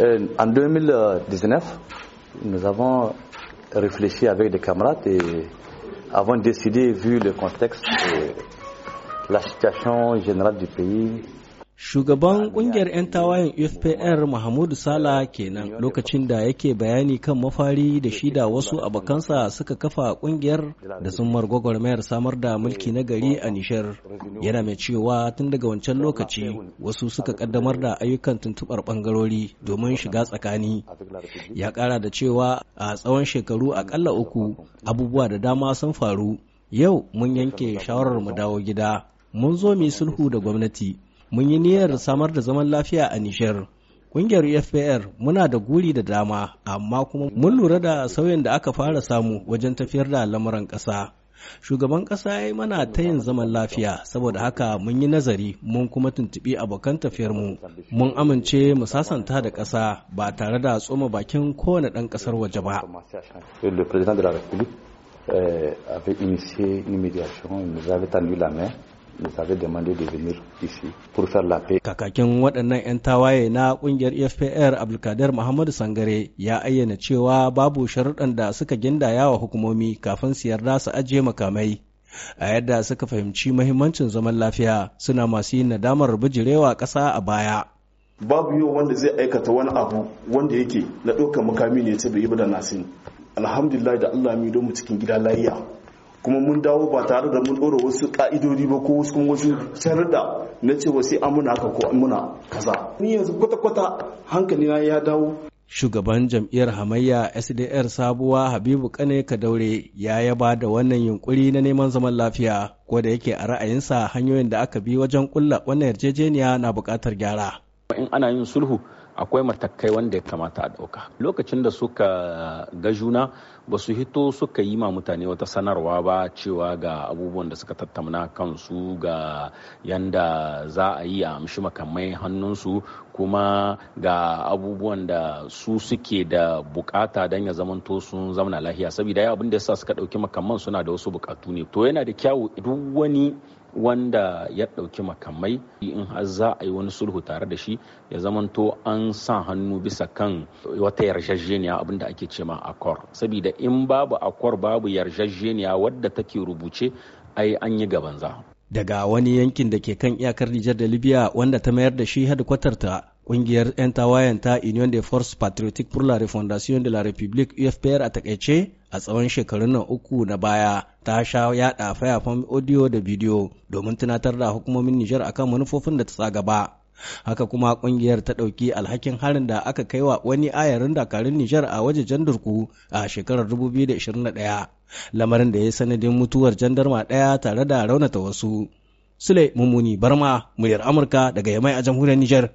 Euh, en 2019, nous avons réfléchi avec des camarades et avons décidé, vu le contexte, et la situation générale du pays, Shugaban ƙungiyar 'yan tawayen UFPR Muhammadu Sala kenan lokacin da yake bayani kan mafari da shi da wasu abokansa suka kafa ƙungiyar da sun mayar samar da mulki na gari a Nishar. Yana mai cewa tun daga wancan lokaci wasu suka kaddamar da ayyukan tuntubar bangarori domin shiga tsakani. Ya ƙara da cewa a tsawon shekaru akalla uku abubuwa da dama sun faru. Yau mun yanke shawarar mu dawo gida. Mun zo mu sulhu da gwamnati. mun yi niyyar samar da zaman lafiya a Nijar. ƙungiyar UFPR muna da guri da dama, amma kuma mun lura da sauyin da aka fara samu wajen tafiyar da lamuran ƙasa. Shugaban ƙasa ya yi mana ta yin zaman lafiya, saboda haka mun yi nazari mun kuma tuntuɓi abokan mu Mun amince mu sasanta da ƙasa ba tare da tsoma bakin kowane ɗan ƙasar waje ba. Eh, avait initié une médiation, il nous avait tendu la main. nous avait demandé de venir ici pour faire la paix. Kakakin waɗannan 'yan tawaye na ƙungiyar FPR e Abdulkader Muhammadu Sangare ya ayyana cewa babu sharuɗan da suka gindaya wa hukumomi kafin su yarda su ajiye makamai. A yadda suka fahimci mahimmancin zaman lafiya suna masu yin nadamar bijirewa ƙasa a baya. Babu yau wanda zai aikata wani abu wanda yake na ɗaukar makami ne ta bai yi ba da nasin. Alhamdulillah da Allah mi don mu cikin gida layya kuma mun dawo ba tare da mun ɗora wasu ka'idodi ba ko wasu wasu sharuɗa na cewa sai amuna ka ko amuna kaza ni yanzu kwata-kwata hankali na ya dawo shugaban jam'iyyar hamayya sdr sabuwa habibu kane daure ya yaba da wannan yunkuri na neman zaman lafiya ko da yake a ra'ayinsa hanyoyin da aka bi wajen kulla wannan yarjejeniya na buƙatar gyara in ana yin sulhu akwai matakai wanda ya kamata a ɗauka lokacin da suka ga juna ba su hito suka yi ma mutane wata sanarwa ba cewa ga abubuwan da suka tattauna kansu ga yanda za a yi a amshi makamai hannunsu kuma ga abubuwan da su suke da bukata don ya zamanto sun zamana lahiya saboda ya abin da sa suka ɗauki makamman suna da wasu bukatu ne to yana da kyawu duk wani wanda ya ɗauki makamai in har za a yi wani sulhu tare da shi ya zamanto an sa hannu bisa kan wata yarjejeniya abinda ake ce ma akor saboda in babu akor babu yarjejeniya wadda take rubuce ai an yi gabanza daga wani yankin da ke kan iyakar Nijar da Libya wanda ta mayar da shi hadkwatarta kungiyar 'yan tawayen ta Union de Force Patriotic pour la Refondation de la République UFPR a takaice a tsawon shekarun uku na baya ta sha yada fayafan audio da bidiyo domin tunatar da hukumomin Nijar akan manufofin da ta sa gaba. Haka kuma kungiyar ta ɗauki alhakin harin da aka kai wa wani ayarin dakarun Nijar a waje jandurku a shekarar 2021, lamarin da ya sanadin mutuwar jandarma ɗaya tare da raunata wasu. Sule Mummuni Barma, muryar Amurka daga Yamai a jamhuriyar Nijar.